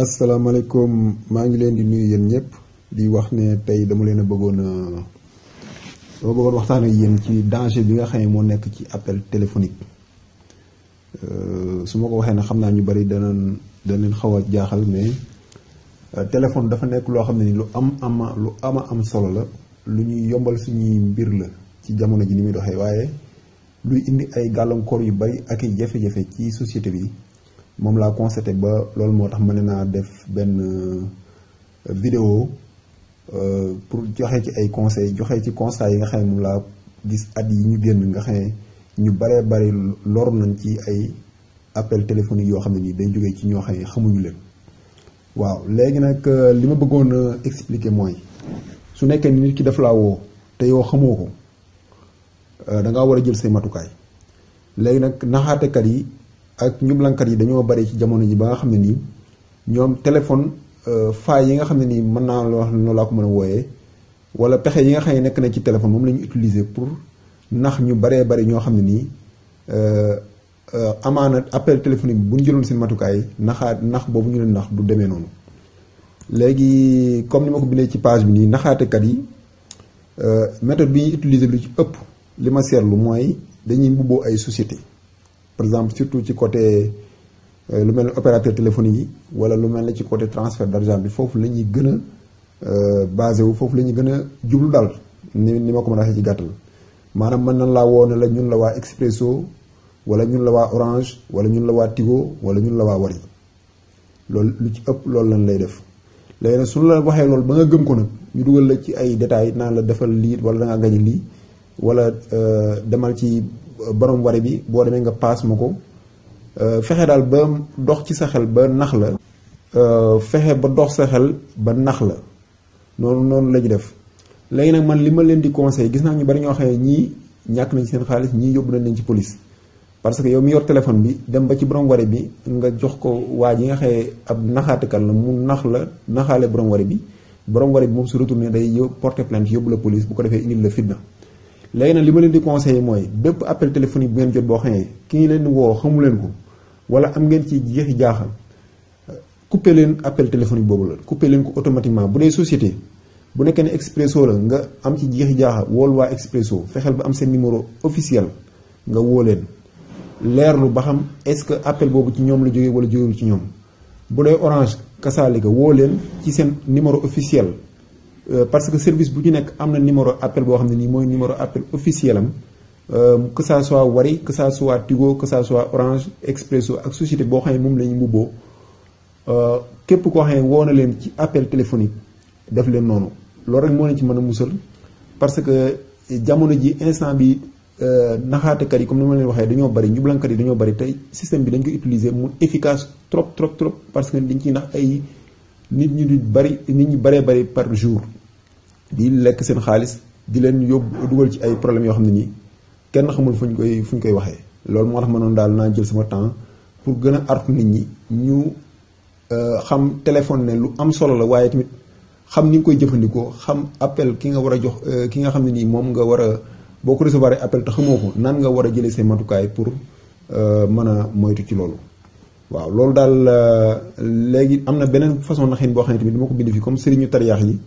asalaamaaleykum maa ngi leen di nuyu yéen ñëpp di wax ne tey dama leen a bëggoon a dama bëggoon waxtaan ak yéen ci danger bi nga xam ne moo nekk ci appel téléphonique euh, su ma ko waxee ne xam naa ñu bari dana dañ leen xaw a jaaxal mais euh, téléphone dafa nekk loo xam ne ni lu am ama lu am am solo la lu ñuy yombal suñuy mbir la ci jamono ji ni muy doxee waaye luy indi ay gàllankoor yu bari ak i jafe ci société bi. moom laa constaté ba loolu moo tax mën naa def benn euh, vidéo euh, pour joxe ci ay conseil joxe ci constat yi nga xam ne moom laa gis at yi ñu génn nga xam ñu baree bari lor nañ ci ay appel téléphonique yoo xam ne nii day jógee ci ñoo xam ne xamuñu leen waaw léegi nag euh, li ma bëggoon a mooy su nekkee ni nit ki daf laa woo te yow xamoo ko da war a jël say matukaay léegi nag naxaatekat yi. ak njublankat yi dañoo bari ci jamono ji ba nga xam ne nii ñoom téléphone euh, faay yi nga xam ne nii mën naa la wax noonu laa ko mën a wooyee wala pexe yi nga xam ne nekk na ci téléphone moom la ñu pour nax ñu baree bari ñoo xam ne nii euh, euh, amaana appel téléphonique bi bu ñu seen matukaay naxaat nax boobu ñu leen nax du demee noonu. léegi comme ni ma ko bindee ci page bi nii naxaatekat yi méthode bi ñuy utiliser lu ci ëpp li ma seetlu mooy dañuy mbubboo ay société par exemple surtout ci côté euh, lu mel ne opérateur téléphone yi wala lu mel ne ci côté transfert d' argent bi foofu la ñuy gën a euh, basé wu foofu la ñuy gën a jublu daal ni ni ma ko mën a waxee maanaam mën nañ laa woo ne la ñun la waa Expresso wala ñun la waa Orange wala ñun la waa Tigo wala ñun la waa Wari loolu lu ci ëpp loolu lañ lay def léegi nag suñu la waxee loolu ba nga gëm ko nag ñu dugal la ci ay détails naan la defal lii wala da ngaa gañ lii wala euh, demal ci. borom wari bi boo demee nga paas ma ko euh, fexe daal ba dox ci sa xel ba nax la euh, fexe ba dox sa xel ba nax la noonu noonu la ñu def léegi nag man li ma leen di conseil gis naa ñu bari ñoo xam ne ñii ñàkk nañ seen xaalis ñii yóbbu nañ leen ci police parce que yow mi yor téléphone bi dem ba ci borom wari bi nga jox ko waa ji nga xëye ab naxaatikat la mu nax la naxaale borom wari bi borom wari bi moom su retourné day porté plainte yóbbu la police bu ko defee indil la fitna léegi nag li ma leen di conseillé mooy bépp appel téléphonique bu ngeen jot boo xamee ki leen woo xamu leen ko wala am ngeen ci jeexi jaaxal coupé leen appel téléphonique boobu la coupé leen ko automatiquement bu dee société bu nekkee ne Expresso la nga am ci jeexi jaaxal wool waa Expresso fexeel ba am seen numéro officiel nga woo leen leerlu ba xam est-ce que appel boobu ci ñoom la jógee wala jógewul ci ñoom bu dee Orange ko woo leen ci seen numéro officiel Euh, parce que service bu ñu nekk am na numéro appel boo xam ne nii mooy numéro appel officiel am euh, que ça soit Wari que ça soit Tigo que ça soit Orange Expresso ak société boo xam ne moom la ñu mbubboo euh, képp ko xam ne woo na leen ci appel téléphonique def leen noonu loolu rek moo leen ci mën a musal parce que jamono ji instant bi naxaatekat yi comme ni ma leen waxee dañoo bari njublankat yi dañoo bari tey système bi dañ ko utiliser mu efficace trop trop trop parce que dañ ciy nax ay nit ñu di nit ñu baree bari par jour di lekk seen xaalis di leen yóbbu dugal ci ay problème yoo xam ne nii kenn xamul fu ñu koy fu ñu koy waxee loolu moo tax ma noonu daal naa jël sama temps pour gën a artu nit ñi ñu euh, xam téléphone ne lu am solo la waaye tamit xam ni nga koy jëfandikoo xam appel ki nga war a jox euh, ki nga xam ne nii moom nga war a boo ko recevoir appel te xamoo ko nan nga war a jëlee seen matukaay pour euh, mën a moytu ci loolu. waaw loolu daal léegi am na beneen façon naxin boo xam ne tamit dama ko bind fii comme sëriñu yi.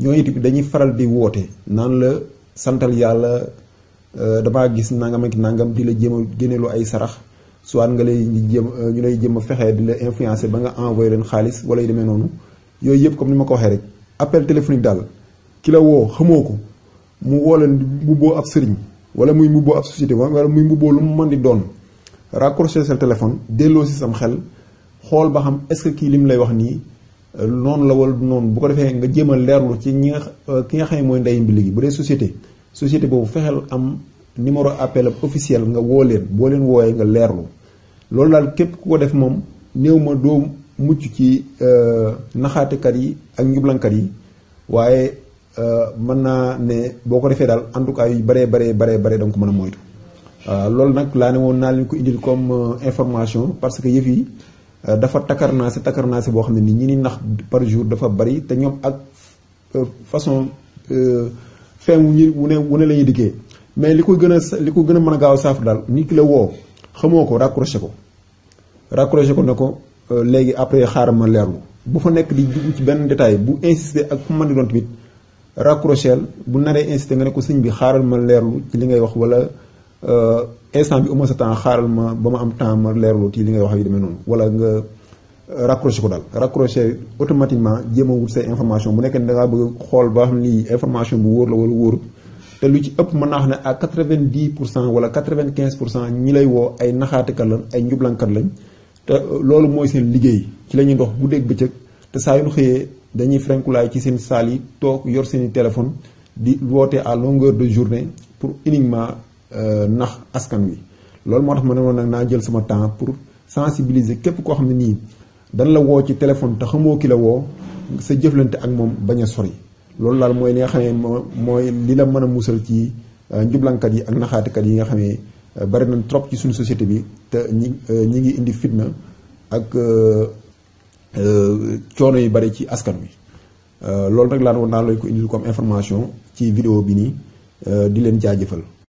ñooñu bi dañuy faral di woote naan la santal yàlla euh, damaa gis nangam ak nangam di la jéem a génneelu ay sarax soit nga lay jëm euh, ñu lay jéem a fexee di la influencer ba nga envoyé leen xaalis wala yu demee noonu yooyu yëpp comme ni ma ko waxee rek appel téléphonique daal ki woo xamoo ko mu woo leen mbubboo ab sëriñ wala muy mbubboo ab société wala muy mbubboo lu mu mën di doon raccroché sa téléphone delloo si sam xel xool ba xam est-ce que kii lim lay wax nii. noonu la wala du noonu bu ko defee nga jéem a leerlu ci ñi nga euh, ki nga xam ne mooy ndey mbili gi bu dee société société boobu fexeel am numéro appel officiel nga woo leen boo leen woowee nga leerlu loolu daal képp ku ko def moom néew ma doo mucc ci euh, naxaatekat yi ak njublankat yi waaye euh, mën naa ne boo ko defee daal en tout cas yu baree baree baree baree danga ko mën a moytu loolu nag laa ne woon naa leen ko indil comme information parce que yëf yi Euh, dafa takkar naa si boo xam ne ni ñi ni nax par jour dafa bari te ñoom ak euh, façon euh, fin wu ñu wu ne wu ne la ñuy dikkee mais li ko gën a li ko gën a mën a gaaw saafara daal nit ki la woo xamoo ko raccroché ko raccroché ko ne ko léegi après xaaral ma leerlu bu fa nekk di dugg ci benn détail bu insister ak fu mën di doon bu naree insister nga ne ko sëñ bi xaaral ma leerlu ci li ngay wax wala instant bi amoo sa temps xaaral ma ba ma am temps ma leerlu ci li ngay wax yu demee noonu wala nga euh, raccroché ko daal raccroché automatiquement jéem wut say information bu nekkee ne da ngaa bëgg xool ba xam ni information bu wóor la wala wóorut te lu ci ëpp mën naa xam ne à quatre-vingt-dix pour cent wala quatre-vingt-quinze pour cent ñi lay woo ay naxaatekat lañ te euh, loolu mooy seen liggéey ci la ñuy dox guddeeg bëccëg te saa yu ñu xëyee dañuy frenkulaay di woote à longueur de journée pour Euh, nax askan wi loolu moo tax ma ne woon naa jël sama temps pour sensibiliser képp koo xam ne nii dan la woo ci téléphone te xamoo ki la woo sa jëflante ak moom bañ a sori loolu daal mooy li nga xam mooy li la mën a musal ci euh, njublankat yi ak naxaatikat yi nga xam ne euh, bari nañ trop ci suñu société bi te ñi ñi ngi indi fitna ak coono yu bari ci askan wi. loolu rek laa naa lay ko indil comme information ci vidéo bi nii di leen jaajëfal.